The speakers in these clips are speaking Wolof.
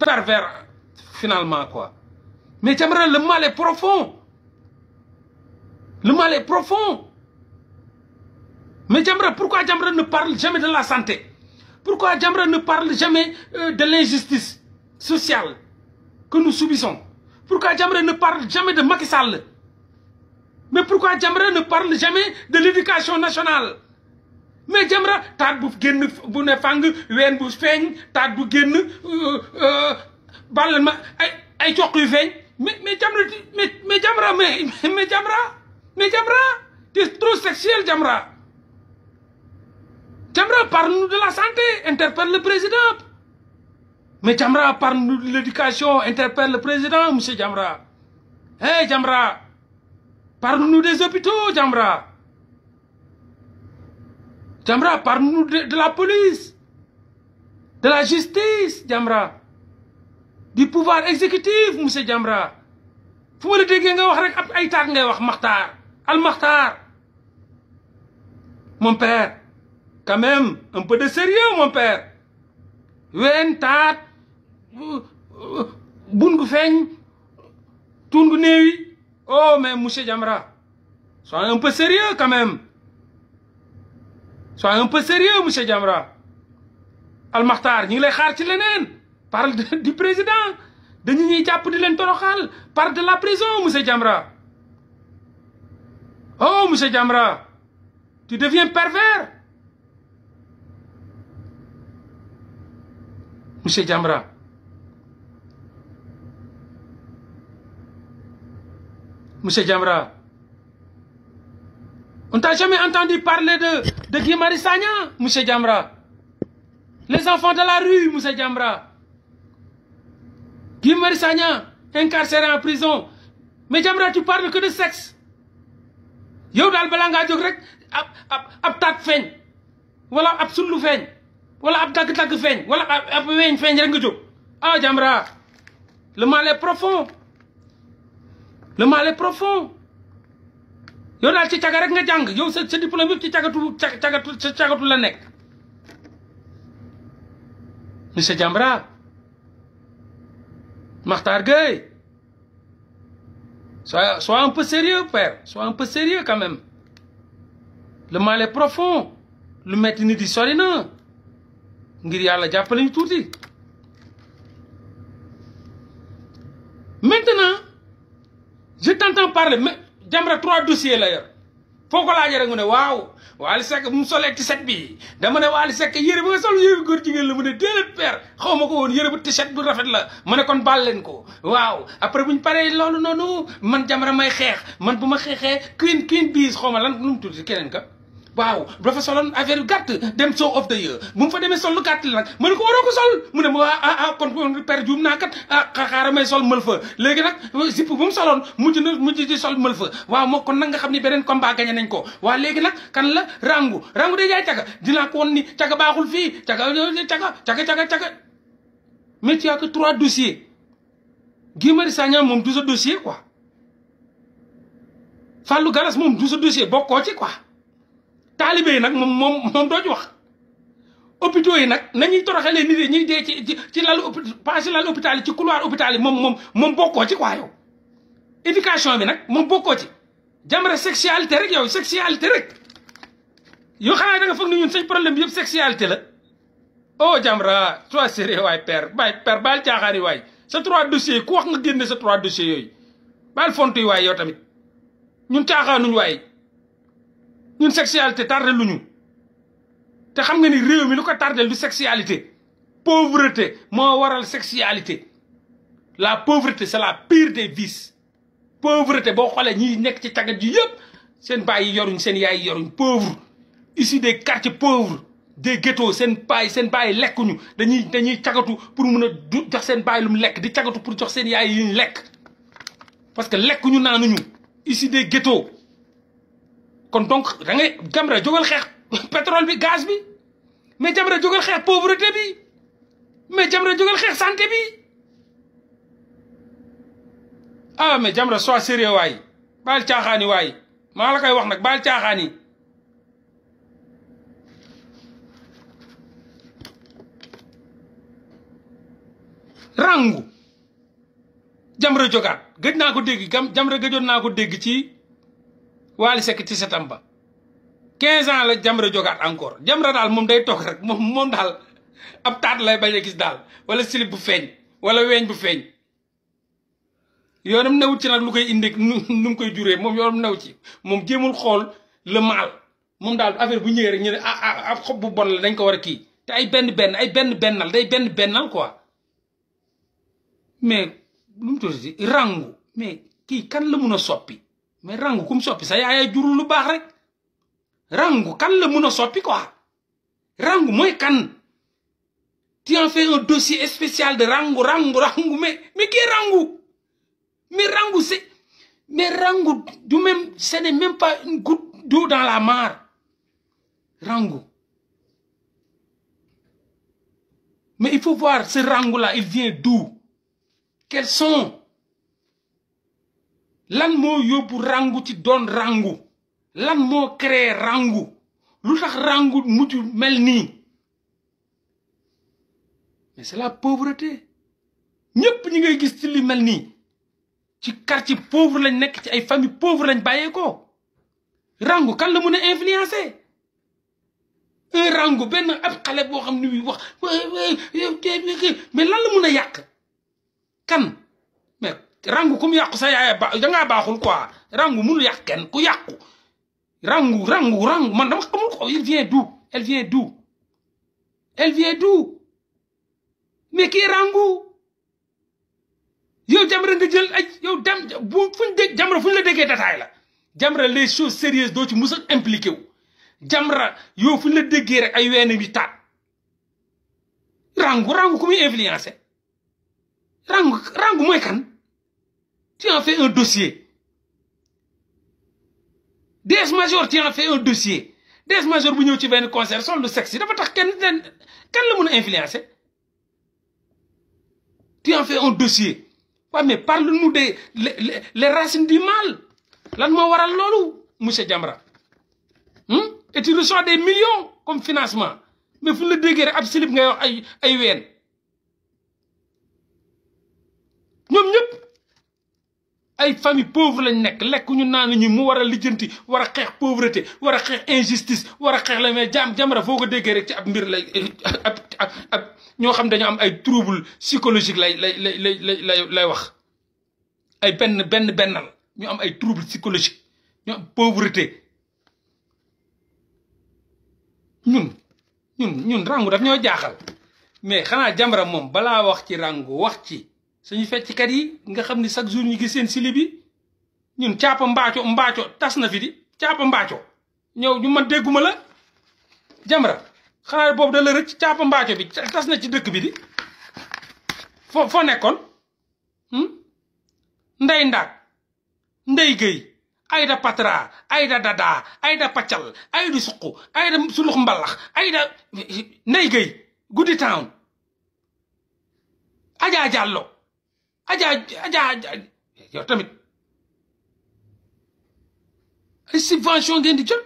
pervers, finalement, quoi. Mais j'aimerais le mal est profond. Le mal est profond. Mais j'aimerais pourquoi j'aimerais ne parle jamais de la santé Pourquoi j'aimerais ne parle jamais euh, de l'injustice sociale que nous subissons Pourquoi j'aimerais ne parle jamais de Macky Mais pourquoi j'aimerais ne parle jamais de l'éducation nationale mais Jamra tu bu vu bu ne mais Jamra mais Jamra mais Jamra mais trop sexuel Jamra Jamra parle-nous de la santé interpelle le président mais Jamra parle-nous de l'éducation interpelle le président monsieur Jamra hey Jamra parle-nous des hôpitaux Jamra Jamra parle-nous de, la police, de la justice, Djamra, du pouvoir exécutif, M. Jamra. Vous voulez dire que nga wax rek ay al mon père quand même un peu de sérieux mon père ween TAT, bun gu oh mais monsieur Jamra sois un peu sérieux quand même sois un peu sérieux monsieur Jamra al mahtar ni lay xaar ci leneen parle du président de ñuy jàpp di leen toroxal parle de la prison monsieur Jamra oh monsieur Jamra tu deviens pervers monsieur Jamra monsieur Jamra on t'a jamais entendu parler de de Guy Sanya, M. Djamra. Les enfants de la rue, M. Djamra. Guy Sanya, incarcéré en prison. Mais Djamra, tu parles que de sexe. yow dans balaa tu jóg rek ab ab ab taat feeñ wala ab sullu feeñ wala ab ah Jamra le mal est profond le mal est profond yow daal ci caga rek nga jang yow sa sa diplôme yëpp ci cagatu cagatu sa cagatu la nek monsieur jambra Makhtar gay sois sois un peu sérieux père sois un peu sérieux quand même le mal est profond le metti ni di sori na ngir yalla jappal ni touti maintenant je t'entends parler mais Jamra trois dossiers la yor foo ko laajee rek mu ne waaw Wally Seck bu mu solee tiset bi dama ne Wally sekk yëre bi nga sol yére góor jigéen la mu ne déedéet père xaw ma ko woon yére bu tiset bu rafet la ma ne kon baal leen ko waaw après bu ñu paree loolu noonu man Jamra may xeex man bu ma xeexee queen queen biis xaw ma lan lu mu tudd keneen ka waaw dafa soloon affaire yu gàtt dem show of the year bu mu fa demee sol lu gàtt la mën ma ne ko waroo ko sol mu ne ma waa ah a ah, ah, kon per juum naa kat ah, a xaaral may sol mël fa léegi nag zipp bu mu soloon mujj na mujj ci sol mël fa waaw moo kon nag xam ni beneen combat gagné nañ ko waa léegi nag kan la rangu rangu day jaay caga dinaa ko woon ni caga baaxul fii caga caga caga caga caga mais tu as que trois dossiers gi Marius Sagna moom du sa dossier quoi Fallou Galas moom du sa dossier bokkoo ci quoi taalibe yi nag mom moom moom doo ci wax hôpitaux yi nag nañuy toroxalee nit yi ñuy dee ci ci lalu pas ci lalu hôpital yi ci couloir hôpital yi moom moom moom bokkoo ci quoi yow éducation bi nag moom bokkoo ci Jamra sexualité rek yow sexualité rek yow xanaa da nga foog ni ñun seen problème bi yëpp sexualité la oh Jamra toi sérieux waay père baay baal caaxaar waay sa trois dossiers ku wax nga génne sa trois dossiers yooyu baal fontu yi waay yow tamit ñun caaxaanuñ waay ñun sexualité tardé luñu te xam nga ni réew mi lu ko tardel du sexualité pauvreté moo waral sexualité la pauvreté c'est la pire des vices pauvreté boo xoolee ñi nekk ci tagat ji yëpp seen baay yi yoruñ seen yaay yi yoruñ pauvre Ici des quartiers pauvres des ghettos seen baay seen baay lekkuñu dañuy dañuy cagatu pour mun a jox seen baay lu mu lekk di cagatu pour jox seen yaay yi ñu lekk parce que lekkuñu naanuñu ici des ghettos kon donc da ngay Jamra jógal xeex pétrole bi gaz bi mais Jamra jógal xeex pauvreté bi mais Jamra jógal xeex santé ah mais Jamra sois sérieux waay baal caaxaani waay maa la koy wax nag baal caaxaani rangu Jamra jógaat gëj naa ko dégg Jamra gëjoon naa ko dégg ci Waly Seck ci setam ba 15 ans la Jamra jógaat encore Jamra daal moom day toog rek moom moom daal ab taat lay bañ a gis daal wala silib bu feeñ wala weeñ bu feeñ yoonam new ci nag lu koy indi nu mu koy juree moom yoonam new ci moom jéemul xool le moom daal affaire bu ñëwee rek ñu ne ah ab ah, ah, xob bu bon la dañ ko war a kii te ay benn benn ay benn bennal day benn bennal quoi mais lu mu tuddati rangu mais kii kan la mun a soppi mais rangu comme ça sa yaaya jurul lu bax rek rangu kan le meuna soppi quoi rangu moy kan tu en fais un dossier spécial de rangu rangu rangu mais mais qui rangu mais rangu c'est mais rangu du même ce n'est même pas une goutte d'eau dans la mare rangu mais il faut voir ce rangu là il vient d'où quels sont lan mo yóbbu rangu ci don rangu lan mo créé rangu lutax rangu mujj mel mais c'est la pauvreté ñepp ñi ngay gis ci li melni ci quartier pauvre lañ nek ci ay famille pauvre lañ ko rangu kan la mëna influencer un rangu ben ab xalé bo xamni wax mais lan la mëna yak yàq kan rangu ku mu sa yaay ba dangaa baaxul quoi rangu mënul yàq kenn ku yàqu rangu rangu rangu man dama xamul ko il vient d'où elle vient d'où elle vient d'où mais rangu yow Jamra nga jël yow dem bu fuñ la déggee détail la Jamra les choses sérieuses doo ci mus a impliqué wu Jamra yow fuñ la déggee rek ay weenam yi taat rangu rangu ku muy rangu rangu mooy tu en fais un dossier. des majors, tu en fais un dossier Des majors, bu avez ci benn concert sol sexe sexy dafa tax kenn le la tu en fais un dossier mais parle-nous des les racines du mal lan moo waral l'eau monsieur Jamra hmm? et tu reçois des millions comme financement mais vous le déggee Absolument ab à ngay ay famille pauvre lañ nekk lekk ñu naan ñu mu war a lijjanti war a xeex pauvreté war a xeex injustice war a xeex la mais jaam jamra foo ko déggee rek ci ab mbir lay ab ab ñoo xam dañu am ay trouble psychologique lay lay lay lay lay lay wax ay benn benn bennal ñu am ay trouble psychologique ñu am pauvreté ñun ñun rangu daf ñoo jaaxal mais xanaa jamra moom balaa wax ci rangu wax ci suñu fecckat yi nga xam ni chaque jour ñu gis seen sili bi ñun caapa mbaaco mbaaco tas na fi di caapa mbaaco ñëw ñu ma dégguma la Jamra xanaa boobu da la rëcc caapa mbaaco bi tas na ci dëkk bi di foo nekkoon hmm? ndey ndaag ndey géy ayda patra ayda dada ayda paccal ayda suqu ayda sulux mbalax ayda ndey géy guddi town ajaa jàllo ajaa ajaa yow tamit ay subvention ngeen di jot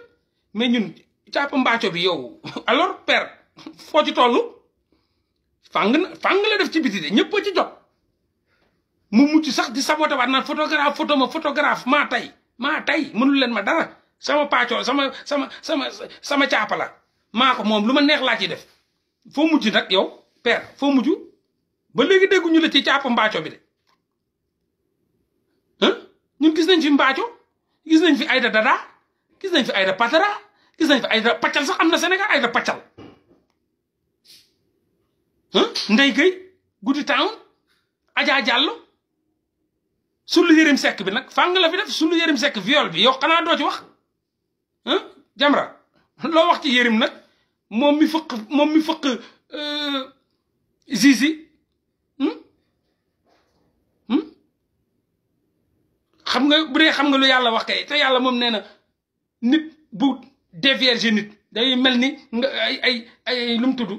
mais ñun càpp mbaaco bi yow alors père foo ci toll fàng na fàng la def ci biti de ñëpp a ci jot mu mucc sax di saboté waat na photographe photo ma photographe maa tey maa tey mënul leen ma dara sama paacoo sama sama sama sama caapa la maa ko moom lu ma neex laa ci def foo mujj nag yow père foo mujj ba léegi dégguñu la ci caapa mbaaco bi de ñun gis nañ fi Mbaaco gis nañ fi Aïda Dada gis nañ fi Aïda Patara gis nañ fi Aïda Paccal sax am na Sénégal Aïda Paccal Ndeye Gueye guddi town ajaa Diallo sulu yërim sekk bi nag fàng la fi def sulu yërim sekk viol bi yow xanaa doo ci wax Jamra loo wax ci yërim nag moom mi fëq moom mi fëq euh, zizi xam nga bu dee xam nga lu yàlla wax kay te yàlla moom nee na nit bu dévierge nit day mel ni nga ay ay ay lu mu tudd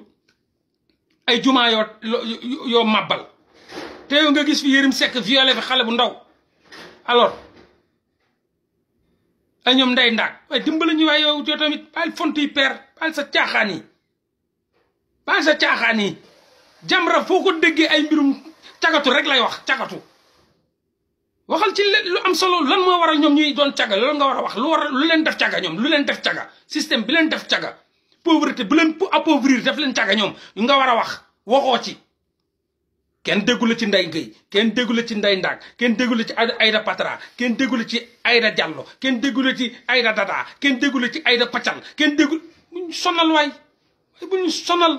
ay juma yo yoo màbbal te yow nga gis fi Yérim Seck violé bi xale bu ndaw alors ay ñoom nday ndaag waaye dimbala ñu waaye yow yoo tamit baal font yi peer sa caaxaan yi sa caaxaan Jamra foo ko déggee ay mbirum cagatu rek lay wax cagatu waxal ci lu am solo lan moo war a ñoom ñuy doon cagga loolu nga war a wax lu war lu leen def cagga ñoom lu leen def cagga système bi leen def cagga pauvreté bu leen appauvrir def leen cagga ñoom nga war wax waxoo ci kenn ci nday Guèye kenn déggu la ci nday Ndaak kenn déggu la ci Aïda Patra kenn déggu la ci Aïda Diallo kenn déggu la ci Aïda Dada kenn déggu la ci Aïda Paccal kenn déggu bu ñu sonal waay bu ñu sonal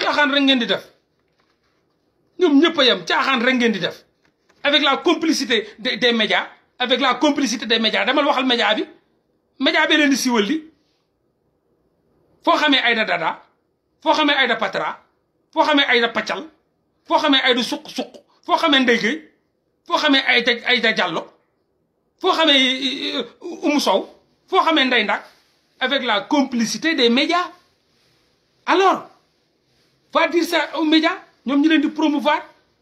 caaxaan rek ngeen di def ñoom ñëpp a yem caaxaan rek ngeen di def avec la complicité des médias avec la complicité des médias demal waxal média bi média Les aida faut Dada faut Aida Aïda Patra foo faut Aïda Paccal aida Aïda faut que aida faut Aïda Aïda Diallo euh, avec la complicité des médias alors va dire ça aux médias nous ñu promouvoir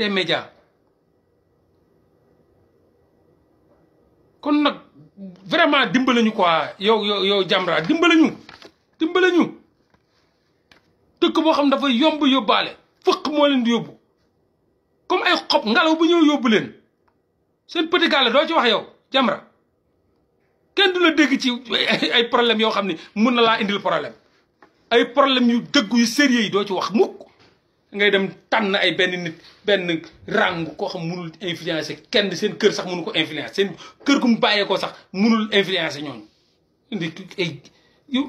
des médias kon nag vraiment dimbalañu quoi yow yow yow Jamra dimbalañu dimbalañu dëkk boo xam dafa yomb yóbbaale fëq moo leen di yóbbu comme ay xob ngelaw bu ñëw yóbbu leen seen petit gàlle doo ci wax yow Jamra kenn du la dégg ci ay problème yoo xam ne mun na laa indil problème ay problème yu dëgg yu sérieux yi doo ci wax mukk ngay dem tànn ay benn nit benn ràng koo xam munul influencer kenn seen kër sax mënu ko influencer seen kër gu mu bàyyeekoo sax munul influencer ñooñu indi ay yi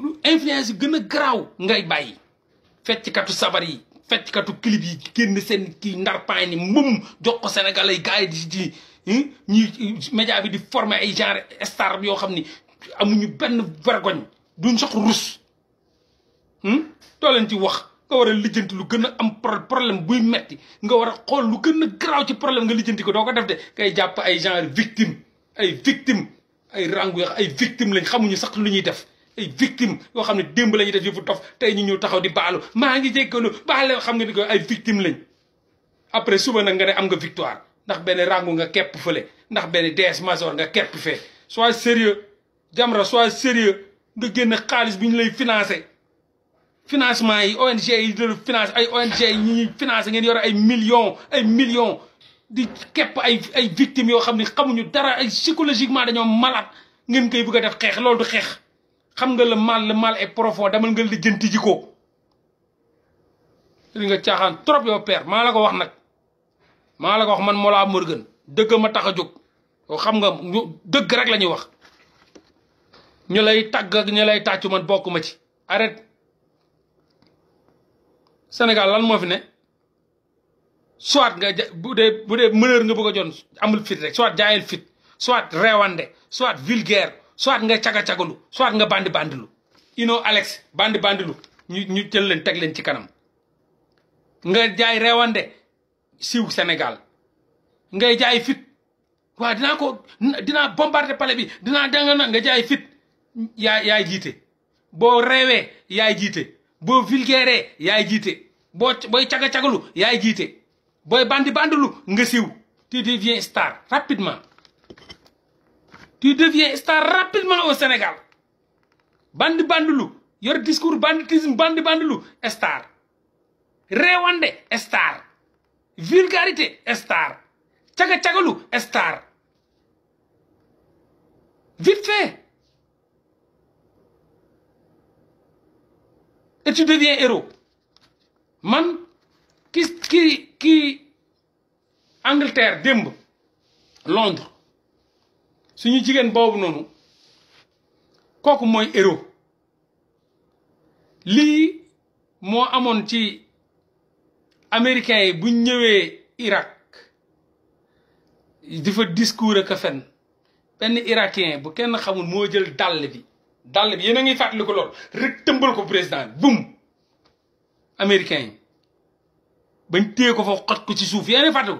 gën a garaaw ngay bàyyi fecckatu sabar yi fecckatu clip yi génn seen kii ndarpaan ni mum jox ko sénégalais gars yi di ci ñi hmm, média bi di former ay genre star yoo xam ni amuñu benn vergogne duñ sax rus hmm? doo leen ci wax nga war a lijjanti lu gën a am problème buy metti nga war a xool lu gën a garaaw ci problème nga lijjanti ko doo ko def de ngay jàpp ay genre victime ay victime ay rangu ay victime lañ xamuñu sax lu ñuy def ay victime yoo xam ne démb la ñuy def yëfu dof tey ñu ñëw taxaw di baalu maa ngi jéggalu baale xam nga ni ko ay victime lañ après suba nag nga ne am nga victoire ndax benn rangu nga kepp fële ndax benn DS major nga kepp fee sois sérieux Jamra sois sérieux nga génn xaalis bi ñu lay financé financement yi ONG yi di finance ay ONG yi ñuy ngeen yore ay millions ay millions di képp ay ay victimes yoo xam ne xamuñu dara ay psychologiquement dañoo malade ngeen koy bëgg a def xeex loolu du xeex xam nga la mal le mal ay profond demal nga lijjanti ji ko. li nga caaxaan trop yow père maa la ko wax nag maa la ko wax man Mollah Morgun dëgg ma tax a jóg yow xam nga dëgg rek la ñuy wax ñu lay tàgg ak lay tàccu man bokk ma ci arrête. Sénégal lal moo fi ne soit nga bu dee nga bëgg a amul fit rek soit jaayal fit soit reewande soit vulgaire soit nga caga-cagalu soit nga bandi bandilu ino Alex bandi bandilu ñu ñu jël leen teg leen ci kanam nga jaay reewande siiw senegal ngay jaay fit waa dinaa ko dinaa bombarder palais bi dinaa danga na nga jaay fit yaa yaay jiite boo reewee yaay jiite boo vulgaire yaay jiite boo booy caga cagalu yaay jiite booy bandi bandilu nga siw tu deviens star rapidement tu deviens star rapidement au Sénégal bandi bandilu yor discours banditisme bandi bandilu star réewande star vulgarité star caga cagalu star et tu deviens héros man qui qui qui Angleterre démb Londres suñu jigéen boobu noonu kooku mooy héros lii moo amoon ci américains yi buñ ñëwee Irak il fa discours ak fen ben irakien bu kenn xamul moo jël dàll bi dàll bi yéen a ngi fàttali ko lool rek tëmbal ko président bi bum américain yi bañ téye ko fa ko ci suuf yéen a fàttali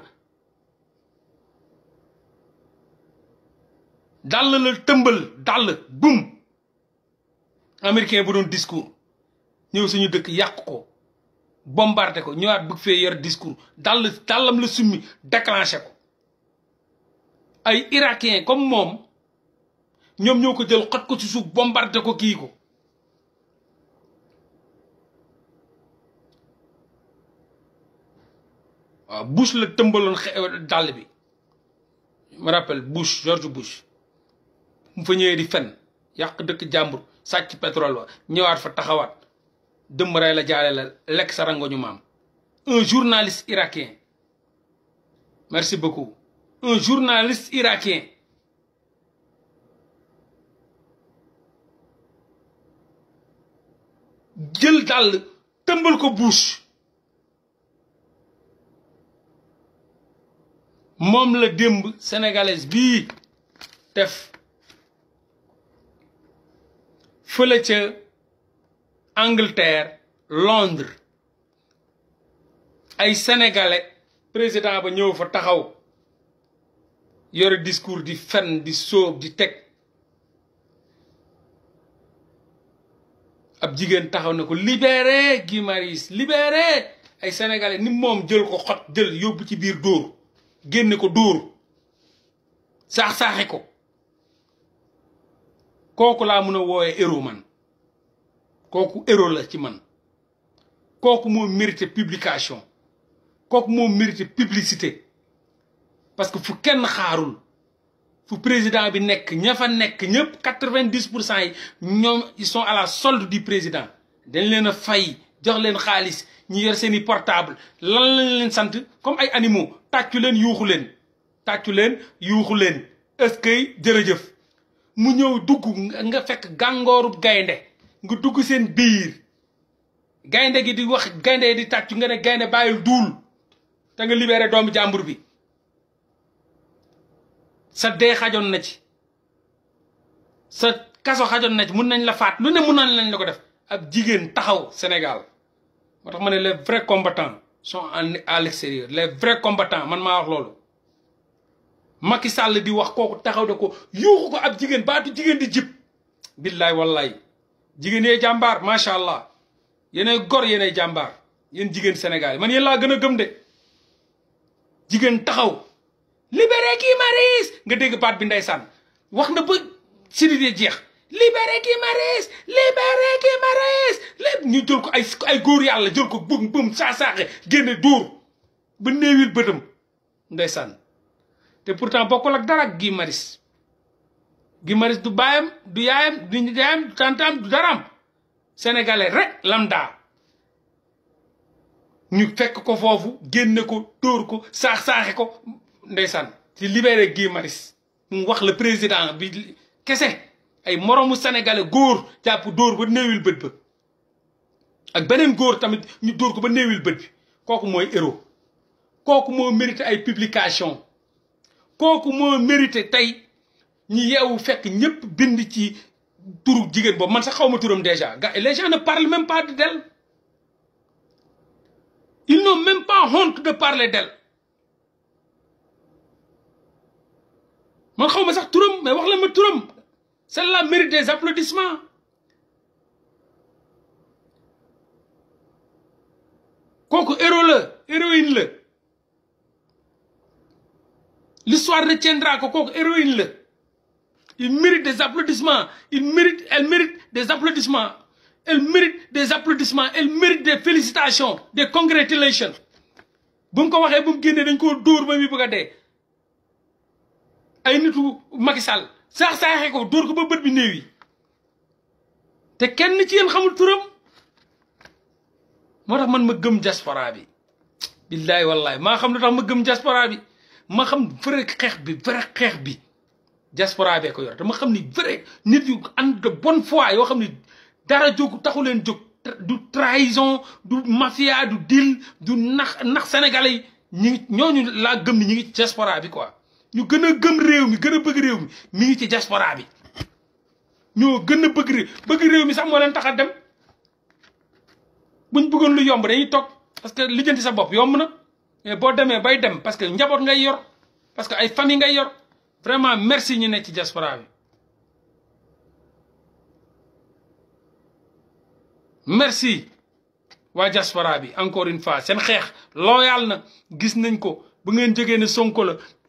dàll la tëmbal dàll bum américain bu doon discours ñëw suñu dëkk yàq ko bombardé ko ñëwaat bëgg fee yor discours dàll dàllam la summi déclenché ko ay irakien comme moom ñoom ñoo ko jël xot ko ci suuf bombardé ko kii ko waaw Bush la tëmbaloon euh, dàll bi ma rappelle Bush George Bush mu fa ñëwee di fen yàq dëkk jàmbur sàcc pétrole ba ñëwaat fa taxawaat dëmm rey la jaale la lekk sa rango ñu maam un journaliste irakien merci beaucoup un journaliste irakien jël dàll tëmbal ko bouche moom la démb sénégalaise bi def fële ca Angleterre Londres ay sénégalais président ba ñëw fa taxaw yore discours di fen di sóob di teg ab jigéen taxaw na ko libéré Guy Marius libéré ay sénégalais ni moom jël ko xot jël yóbbu ci biir dóor génne ko dóor saax-saaxe ko kooku laa mun a woowee héros man kooku héros la ci man kooku moo mérité publication kooku moo mérité publicité parce que fu kenn xaarul fu président bi nek ña fa nekk ñëpp quatre ils sont à la solde du président dañ leen a fay jox leen xaalis ñi yor seeni portable lan lañ leen sante comme ay animaux taccu leen yuuxu leen taccu leen yuuxu leen est-ce que jeureujeuf mu ñew dugg nga fekk gàngooru gaynde nga dugg seen biir gaynde gi di wax gaynde di taccu nga ne gaynde bayul dul ta nga libérer doomu jambour bi sa dee xajoon na ci sa kaso xajoon na ci mun nañ la faat lu ne mun nañ lañ la ko def ab jigéen taxaw Sénégal moo tax ma ne le vrais combattants sont à l'extérieur les vrais combattants man maa wax loolu Macky sàll di wax kooku taxaw da ko yuuxu ko ab jigéen baatu jigéen di jib billaay wallaay jigéen yee jàmbaar macha allah yéenay gor yéenay jàmbar yéen jigéen Sénégal man yéen laa gën a gëm de jigéen taxaw libéré Guy Marius nga dégg baat bi ndeysaan wax na ba sididee jeex libéré Guy Marius libéré Guy Marius lépp ñu jël ko ay ay góor yàlla jël ko bëm bëm saasaaxe génne dóor ba néewil bëtam ndeysaan te pourtant bokk ak dara gi Guy gi Guy du baayam du yaayam du nijaayam du du daraam sénégalais rek lambda ñu fekk ko foofu génne ko dóor ko saax saaxe ko ndeysaan ci libéré Guy Marius mu wax la président bi kese ay moroomu sénégalais góor jàpp dóor ba néewil bët ba ak beneen góor tamit ñu dóor ko ba néewil bët bi kooku mooy héros kooku moo mérité ay publication kooku moo mérité tey ñu yeewu fekk ñëpp bind ci turu jigéen boobu man sax xaw ma turam déjà gars les gens ne parlent même pas d'elle ils n'ont même pas honte de parler man celle mérite des applaudissements héros héroïne l'histoire retiendra Coco héroïne il mérite des applaudissements il mérite elle mérite des applaudissements elle mérite des applaudissements elle mérite des félicitations des congratulations ay nitu Macky Sall saax saaxee ko dóor ko ba bët bi néew te kenn ci yéen xamul turam moo tax man ma gëm diaspora bi billaay wallaay maa xam lu tax ma gëm diaspora bi ma xam vrai xeex bi vrai xeex bi diaspora ko yor te ma xam ni vrai nit yu ànd de bonne foi yoo xam ni dara jóg taxu leen jóg du trahison du mafia du dil du nax nax sénégalais yi ñi ñooñu gëm ni ñi ngi diaspora bi quoi ñu gën a gëm réew mi gën a bëgg réew mi mi ngi ci diaspora bi ñoo gën a bëgg réew réew mi sax moo leen tax a dem buñ bëggoon lu yomb dañuy toog parce que lijjanti sa bopp yomb na mais boo demee bay dem parce que njaboot ngay yor parce que ay famille ngay yor vraiment merci ñu ne ci diaspora bi merci waa diaspora bi encore une fois seen xeex loyal na gis nañ ko bu ngeen jógee ne Sonko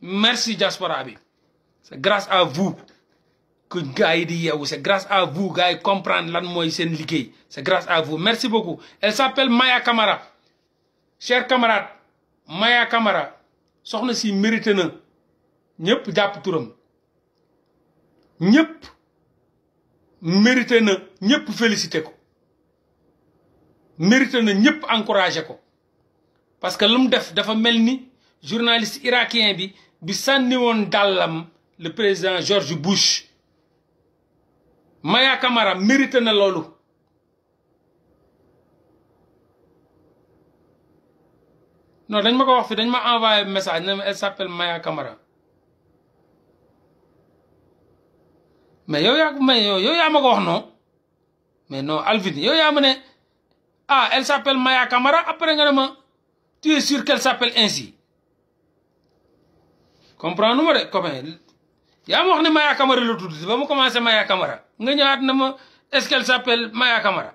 merci Jasper bi c'est grâce à vous que Gaïdi yi c'est grâce à vous gars comprendre c'est grâce à vous merci beaucoup elle s'appelle Maya Kamara. chers camarades Maya Kamara, si mérité na mérité ko parce que l'homme def dafa journaliste irakien le président George Bush Maya Kamara mérite na non dañ ma wax ma message elle s'appelle Maya Kamara mais yo yaa mais yo non mais non Alvin yo ya ah elle s'appelle Maya Kamara après tu es sûr qu'elle s'appelle ainsi comprendre ma de copain Ya mo xni Maya Camara la tuddi ba mu commencé Maya Camara nga ñaat na ma est-ce qu'elle s'appelle Maya Camara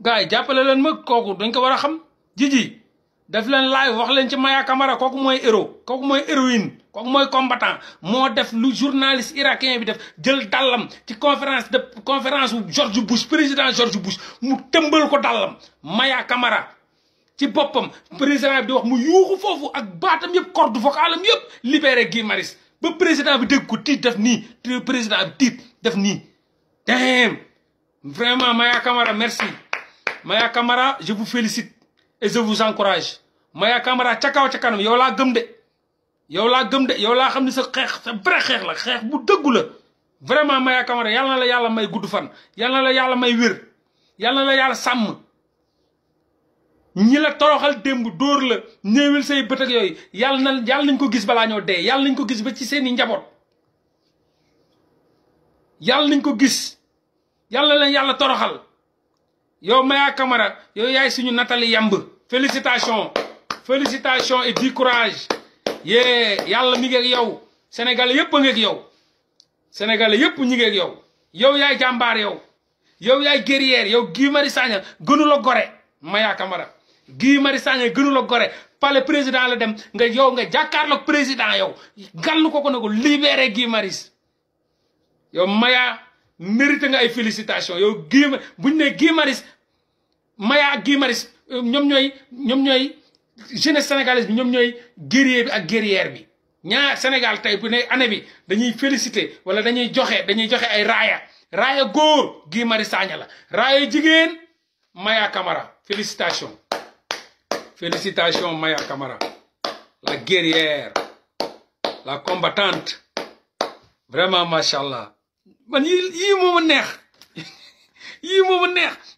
gars jappale len ma koku dañ ko wara xam jiji def len live wax len ci Maya Camara koku moy héros koku moy héroïne koku moy combattant mo def lu journaliste irakien bi def jël dalam ci conférence de conférence George Bush président George Bush mu tëmbal ko dalam, Maya Camara ci boppam président bi wax mu yuuxu foofu ak baatam yëpp corde vocale am yëpp libéré Guy Marius ba président bi dégg ko tiit def nii président bi tiit def nii damn vraiment Maya Camara merci Maya Camara je vous félicite et je vous encourage Maya Camara ca kaw ca kanam yow laa gëm de yow laa gëm de yow laa xam ne sa xeex sa vrai xeex la xeex bu dëggu la vraiment Maya Camara yàlla na la yàlla may gudd fan yàlla na la yàlla may wér yàlla na la yàlla sàmm ñi la toroxal démb dóor la néewil say bët ak yooyu yàlla na yàlla nañ ko gis balaa ñoo dee yàlla nañ ko gis ba ci seeni njaboot yàlla nañ ko gis yàlla leen yàlla toroxal yow Maya Camara yow yaay suñu Nathalie Yamb félicitations félicitations et du courage yee yàlla mi ngi ak yow sénégalais yëpp a ngi ak yow sénégalais yëpp ñi ngi ak yow yow yaay jàmbaar yow yow yaay guerrière yow Guy Marius Sagna la gore Maya Camara Guy Marius Sagna gënu la gore pale président la dem nga yow nga jàkkaarloog président yow gàllu ko ko ne ko libéré Guy Marius yow Maya mérité nga ay félicitations yow Guy buñ ne Guy Marius Maya ak Guy Marius euh, ñoom ñooy ñoom ñooy jeunesse sénégalaise bi ñoom ñooy guerrier bi ak guerrière bi ñaar Sénégal tey bu ne année bi dañuy félicité wala dañuy joxe dañuy joxe ay raaya raaya góor Guy Marius Sagna la raaya jigéen Maya Camara félicitation Félicitations Maya Kamara, la guerrière, la combattante. Vraiment, machallah.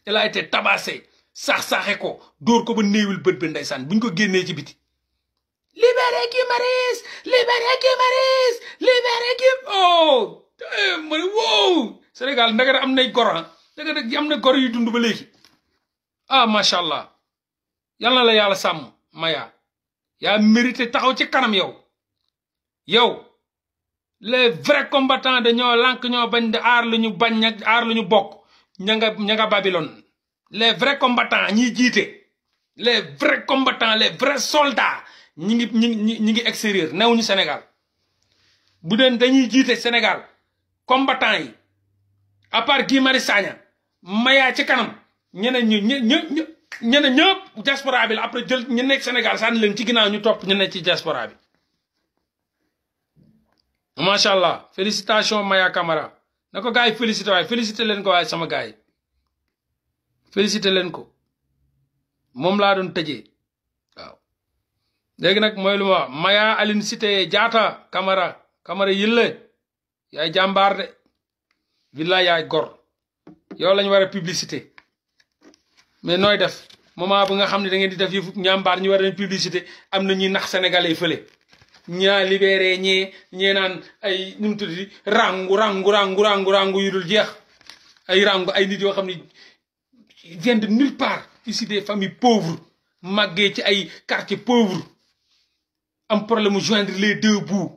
allah a été tabassée, sax-saxé ko, dóor ko ba néewil bët bi ndeysaan buñ ko génnee ci biti. Libéré Guy Marius, libéré Guy Marius, libéré Guy. Oh, eh, ma ne wow Sénégal ndagara am nay gor ah ndagara am na gor yu dund ba léegi ah macha allah. yalla la Maya Ya mérité taxaw ci kanam yow yow les vrais combattants de ñoo lank ñoo bañ de ar luñu bañ ar Babylone les vrais combattants ñi les vrais combattants les vrais soldats ñi ngi ñi Sénégal bu de dañuy Sénégal combattants à part Guy Maya ci kanam ñu ñeneen ñëpp diaspora bi la après jël ñu nekk Sénégal sànni leen ci ginnaaw ñu topp ñu ci diaspora bi macha allah félicitation Maya Camara na ko gars yi félicité waaye leen ko waay sama gaay yi leen ko moom laa doon tëjee waaw. léegi nag mooy lu ma Maya Aline Cité Diatta kamara Camara yille yaay jàmbaar de villa yaay gor yow lañ war a publicité mais nooy def moment bu nga xamni da ngeen di def ñambar ñu war publicité amna ñi nax sénégalais feulé fële ñaa libéré ñee ñee naan ay ñu tuddi rangu rangu rangu rangu rangu yu dul jeex ay rangu ay nit yo xamni vient de nulle part ici des familles pauvres màggee ci ay quartier pauvre am problème joindre les deux bouts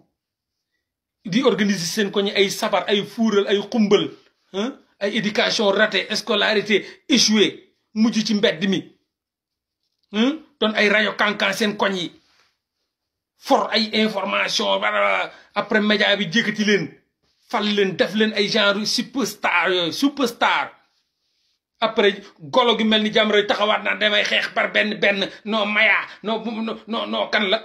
di organiser sen ko ñu ay sabar ay fuural ay hein ay éducation ratée scolarité échouée mujj ci mbedd mi Hmm? doon ay rajo kankan seen koñ yi for ay information bara après média bi jékkati leen fal leen def leen ay genre superstar yooyu superstar après golo gi mel ni Jamra taxawaat na naa ay xeex par benn benn non Maya noo non kan la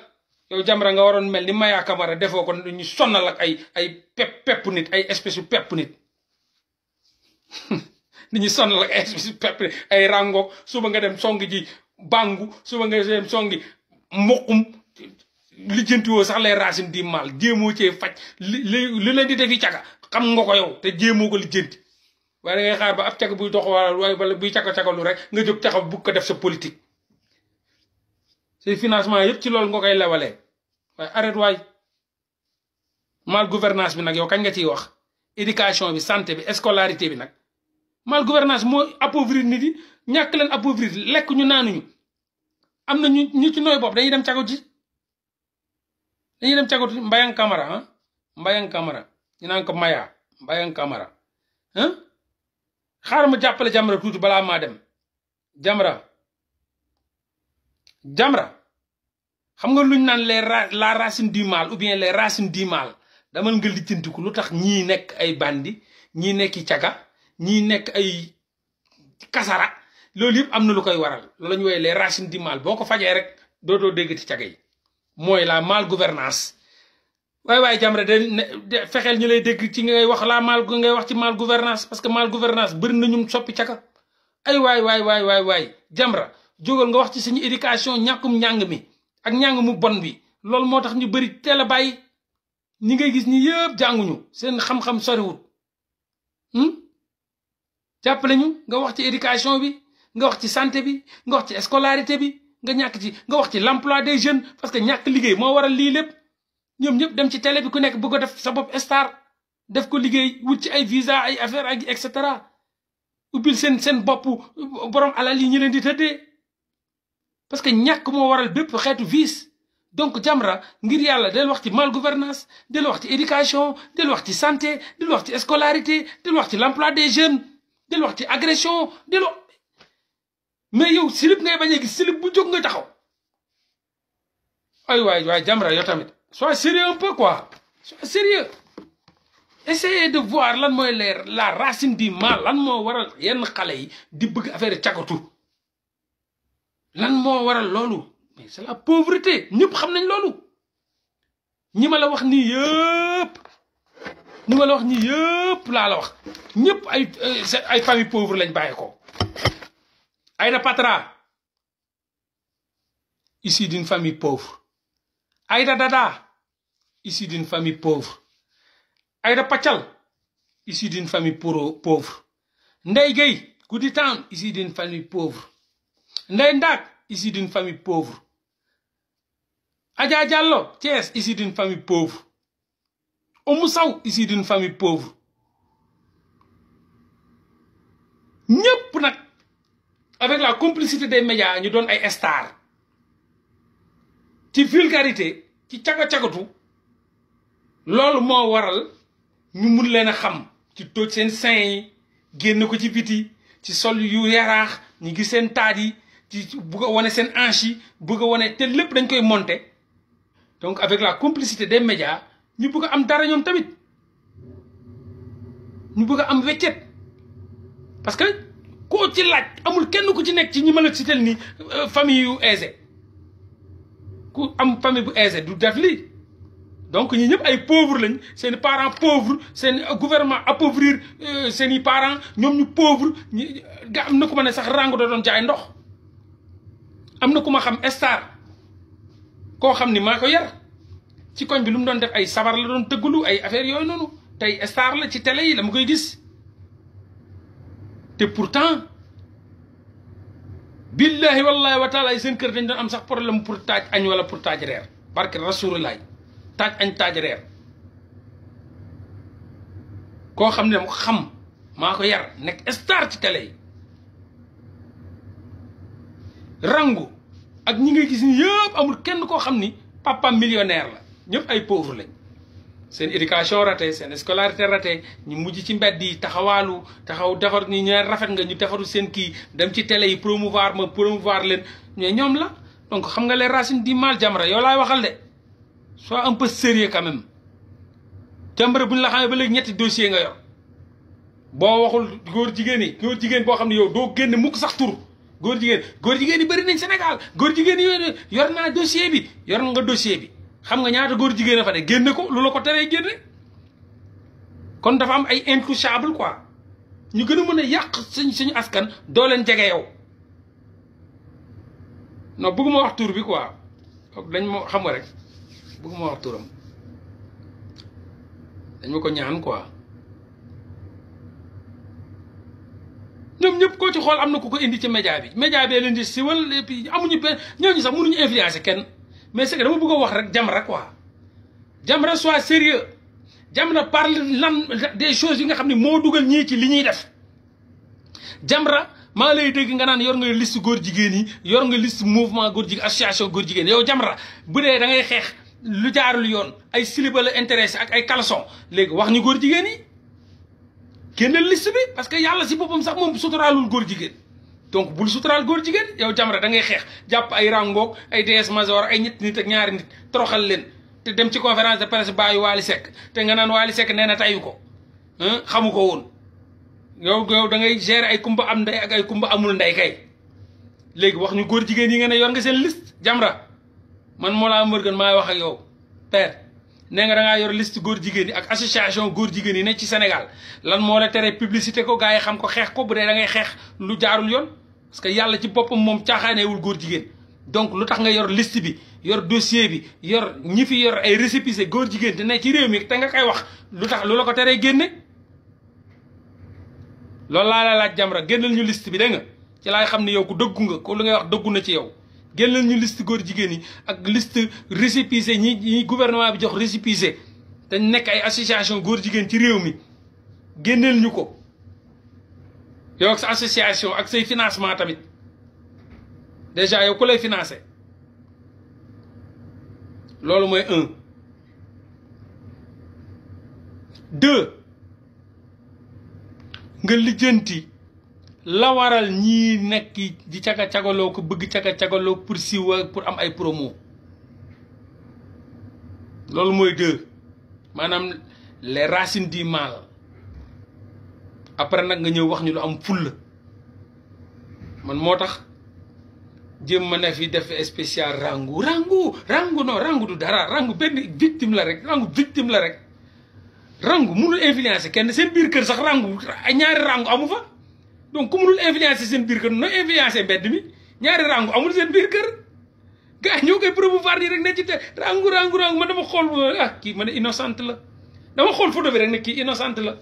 yow Jamra nga waroon mel ni Maya Camara defoo ko ñu sonna ak ay ay pep nit ay espèce yu pepp nit dañuy sonnal ak ay espèce yu ay rangoog suba nga dem song ji bàngu suba nga seen songi mboqum lijjantiwoo sax les racines di mal jéemoo cee faj li li leen di defi caga xam nga ko yow te jéemoo ko lijjanti waaye da ngay xaar ba ab cag buy dox wala wala buy caka-cakalu rek nga jóg taxaw bu ko def sa politique say financement yëpp ci loolu nga koy lewalee waaye arrête waay mal gouvernance bi nag yow kañ nga ciy wax éducation bi santé bi scolarité bi nag mal gouvernance moo appauvrir nit yi ñàkk leen appauvrir lekk ñu naanuñu am na ñu ñu ci nooy bopp dañuy dem cago ci dañuy dem cago ci mbayang camara ah ñu naan ko maya mbayan kamara ah xaaral ma jàppale jamra tuuti bala ma dem jamra jamra xam nga luñ naan les ra la racine du mal ou bien les racines du mal damal nga lijjantiku lu tax ñii nekk ay bandi ñii nekk caga ñi nekk ay kasara loolu yëpp am na lu koy waral loolu la ñu woowee les racines di mal boo ko fajee rek dootoo dégg caga yi mooy la mal gouvernance waaye waaye Jamra fexeel ñu lay dégg ci ngay wax la mal ngay wax ci mal gouvernance parce que mal gouvernance bëri na ñum soppi caga waay waay waay waay waay Jamra jógal nga wax ci suñu éducation ñàkkum njàng mi ak njàng mu bon bi loolu moo tax ñu bëri teel a bàyyi ñi ngay gis ñi yëpp jànguñu seen xam-xam soriwut hmm? jàppale ñu nga wax ci éducation bi nga wax ci santé bi nga wax ci scolarité bi nga ñak ci nga wax ci l'emploi des jeunes parce que ñak liggéey mo waral li lepp ñom ñep dem ci télé bi ku nekk bëgg def sa bop star def ko liggéey wut ci ay visa ay affaire ak et cetera ubbil sen sen bop borom alal yi ñu leen di teudé parce que ñak mo waral bëpp xétu vice donc Jamra ngir yalla del wax ci mal gouvernance del wax ci éducation del wax ci santé del wax ci scolarité del wax ci l'emploi des jeunes del wax ci agression del wax mais yow silib a gis tu bu nga taxaw ay Jamra sois sérieux un peu quoi sois sérieux essayez de voir lan la racine du mal La racine waral yenn xale yi di bëgg affaire lan waral c'est la pauvreté ne savons nañ Nous ñi la wax ni yëpp la wax ni yëpp la wax ay euh, ay Aïda Patra issue d'une famille pauvre Aïda Dada issue d'une famille pauvre Aïda Pachal issue d'une famille pauvre Ndeye Gueye Goody Town issue d'une famille pauvre Ndeye Ndak issue d'une famille pauvre Adja Diallo Thiès issue d'une famille pauvre Oumou Sow la complicité des médias ñu doon ay star ci vulgarité ci caga tu loolu mo waral ñu mën leena xam ci toj sen sein yi genn ko ci biti ci sol yu yarax ñi gi sen tadi ci bëgg a wane seen bëgg woné té lepp dañ koy monter donc avec la complicité des médias ñu bëgg am dara ñom tamit ñu bëgg am wéccet parce que koo ci laaj amul kenn ku ci nekk ci ñi ma la sital nii euh, famille yu aisé ku am famille bu aisé du def lii donc ñi ñëpp ay pauvre lañ seen i parents pauvre seen gouvernement appauvrir euh, seen i parents ñoom ñu pauvre ñi am na ku ma ne sax rango da doon jaay ndox am na ku ma xam star koo xam ni maa ko ci koñ bi lu mu doon def ay sabar la doon tëggalu ay affaire yooyu noonu tey star la ci télé yi la mu koy gis te pourtant billahi wallahi wa taala seen kër dañ doon am sax problème pour taaj añ wala pour taaj reer barke rasulullah taaj añ taaj reer koo xam ne mu xam maa ko yar nekk star ci tele yi rangu ak ñi ngay gis ni yëpp amul kenn koo xam ni papa millionaire la ñëpp ay pauvre lañ seen éducation raté seen scolarité raté ñu mujj ci mbedd yi taxawaalu taxaw defar ñu ñeer rafet nga ñu defaru seen kii dem ci télé yi promouvoir ma promouvoir leen mais ñoom la donc xam nga les racines du mal Jamra yow laay waxal de sois un peu sérieux quand même Jamra bu ñu la xamee ba léegi ñetti dossier nga yor boo waxul góor jigéen yi góor jigéen boo xam ne yow doo génn mukk sax tur góor jigéen góor jigéen yi bëri nañ Sénégal góor jigéen yi yor naa dossier bi yor nga dossier bi xam nga ñaata góor jigéen a fa ne génne ko lu la ko teree génne kon dafa am ay intouchable quoi ñu gën a mën a yàq suñ suñu askan doo leen jege yow non bëgguma wax tur bi quoi lañ moo xam nga rek bëgguma wax turam dañ ma ko ñaan quoi ñoom ñëpp koo ci xool am na ko ko indi ci média bi média bee leen di siwal et puis amuñu benn ñooñu sax mënuñu influencer kenn mais c'est que dama bëgg wax Jamra quoi Jamra soit sérieux Jamra parle des choses yi nga xamni ne duggal ñi ci Jamra ma lay dégg nga naan yor nga liste gor jigéen yi yor nga liste mouvement gor association Jamra bu dé da ngay xex lu jaarul yoon ay siliba intéressé ak ay caleçon légui wax ni gor liste bi parce que yalla si boppam sax moom gor donc bul suturaal góor jigéen yow Jamra dangay xeex jàpp ay rangoog ay DS major ay ñetti nit ak ñaari nit toroxal leen te dem ci conférence de presse bàyyi Waly Seck te nga naan Waly Seck nee na tayu ko xamu ko woon yow yow da ngay gérer ay kumba am ndey ak ay kumba amul nday kay léegi wax ñu góor jigéen yi nga ne yor nga seen liste Jamra man moo laa mërgën maay wax ak yow père nee nga da yor liste góor jigéen yi ak association góor jigéen yi ne ci Sénégal lan moo la tere publicité ko gars yi xam ko xeex ko bu dee da ngay xeex lu jaarul yoon parce que yàlla ci boppam moom caaxaaneewul góor jigéen donc lu tax nga yor list bi yor dossier bi yor ñi fi yor ay récépissé góor jigéen te ne ci réew mi te nga koy wax lu tax lu la ko teree génne loolu laa la laaj Jamra bi dégg nga ci laay xam ne yow ku dëggu nga ko lu ngay wax dëggu na ci yow génnal ñu liste góor jigéen yi ak liste récépissé ñi ñi gouvernement bi jox récépissé te nekk ay association góor jigéen ci réew mi génneel ñu ko yow ak sa association ak say financement tamit déjà yow ko lay financer lolou moy 1 2 nga lijeenti la waral ñi nek di ciaga ciagalo ko bëgg ciaga ciagalo pour pour am ay promo lolou moy 2 manam les racines du mal après nag nga ñëw wax ñu lu am fulla man moo tax jéem ma ne fi def spécial rangu rangu rangu non rangu dara rangu benn rek rangu victime la rek rangu munul influencer kenn seen biir kër sax rangu ñaari rangu amu fa donc ku munul influencer seen biir kër no influencer mbedd mi ñaari rangu amul seen biir kër gars ñoo koy promouvoir nii rek ci te rangu rangu rangu man dama xool ah kii ma ne innocente la dama xool photo bi rek ne kii innocente la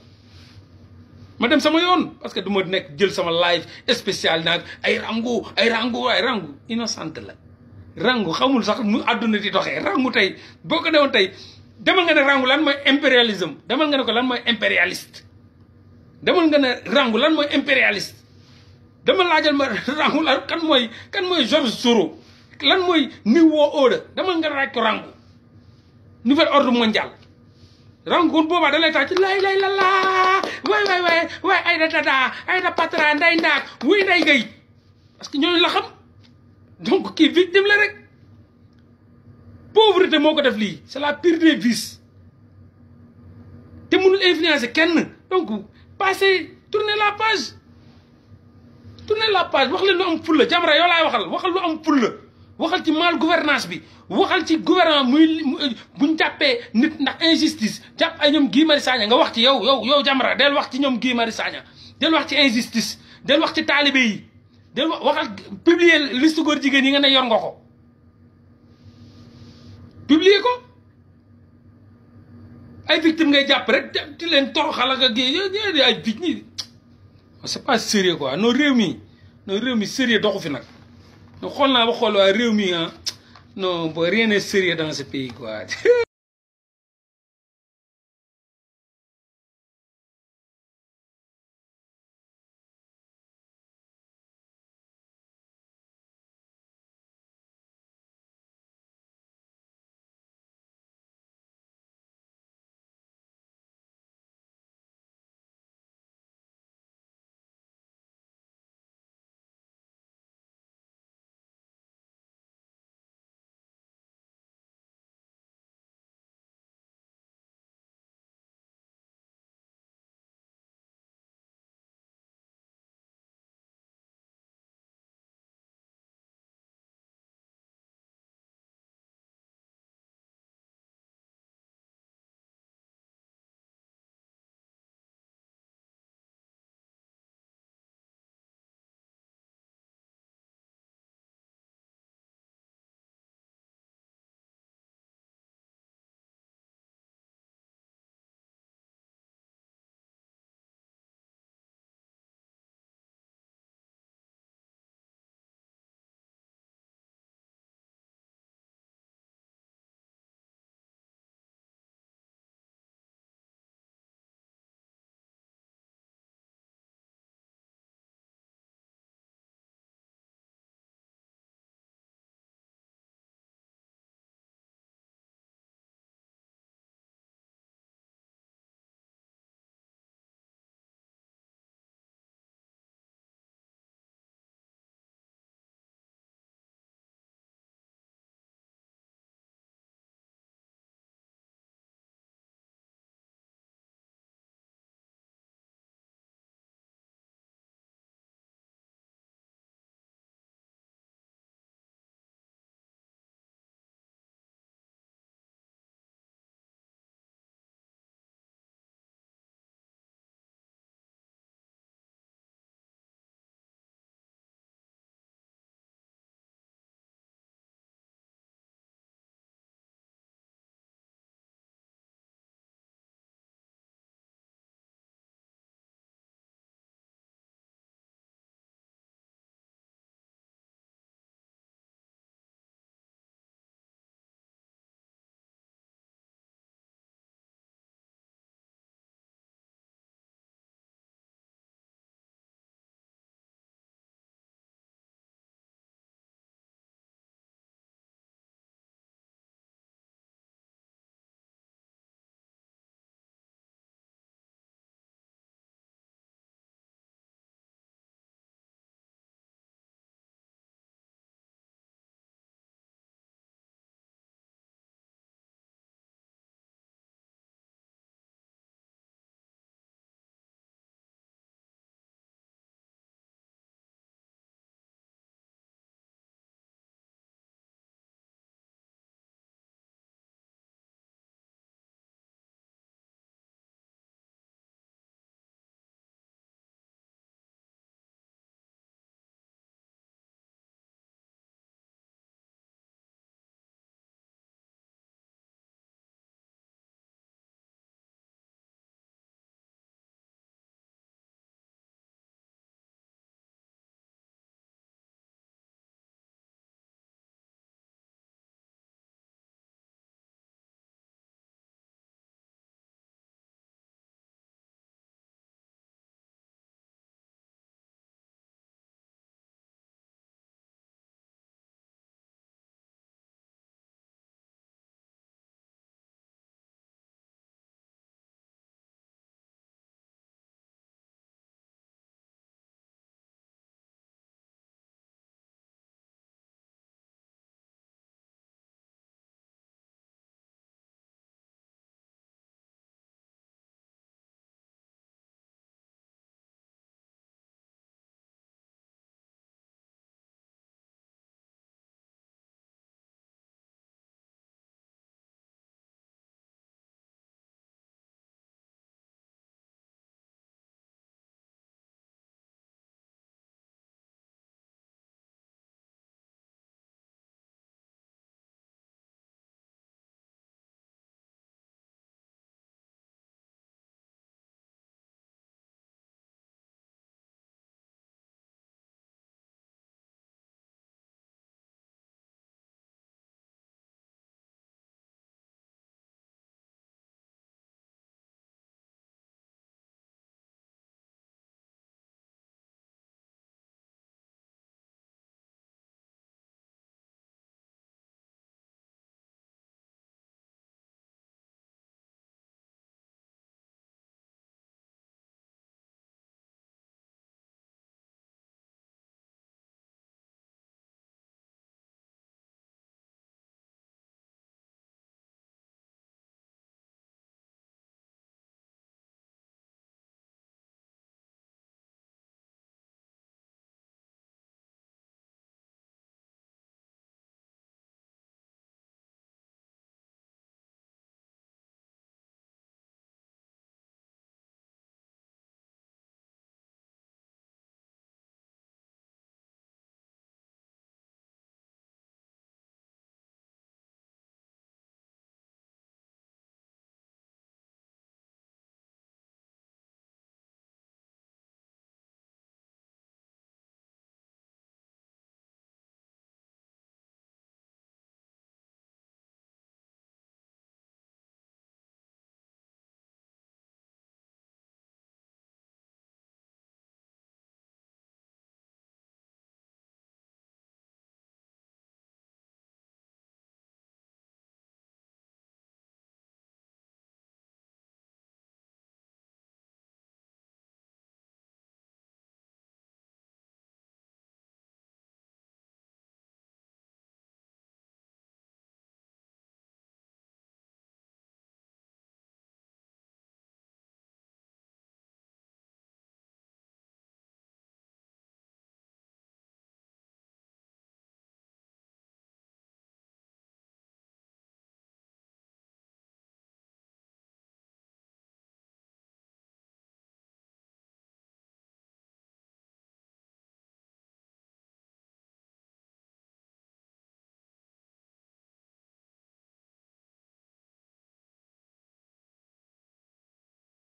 ma dem sama yoon parce que duma ma nekk jël sama live spécial nag ay rangu ay rangu ay rangu innocent la rangu xamul sax nu àdduna di doxee rangu tey boo ko newoon tey demal nga ne rangu lan mooy impérialisme demal nga ne ko lan mooy impérialiste demal nga ne rangu lan mooy impérialiste dama laajal ma rangu lan kan mooy kan mooy George Soros lan mooy New World Order demal nga laaj ko rangu nouvel ordre mondial rangoon boobaa da lay tax lay lay la laa waay waay ay da dadaa ay da patra nday ndaak wuy nday gay parce que ñooñu la donc kii victime la rek pauvreté moo ko def lii c'est la pire des vices te mënul influencer kenn donc passez tournez la page tournez la page wax leen am fulla Jamra yow laay waxal waxal am fulla waxal ci mal gouvernance bi waxal ci gouvernement muy buñ jàppee nit ndax injustice jàpp ay ñoom Guy Marius nga wax ci yow yow yow Jamra del wax ci ñoom Guy Marius Sagna del wax ci injustice del wax ci taalibe yi del waxal publier liste góor jigéen yi nga ne yor nga ko publier ko ay victime ngay jàpp rek di leen toroxal ak gi ay victime c'est pas sérieux quoi non réew mi non réew mi sérieux doxu fi nag xool naa ba xool waaye réew mi ah No, but ne peut rien de sérieux dans ce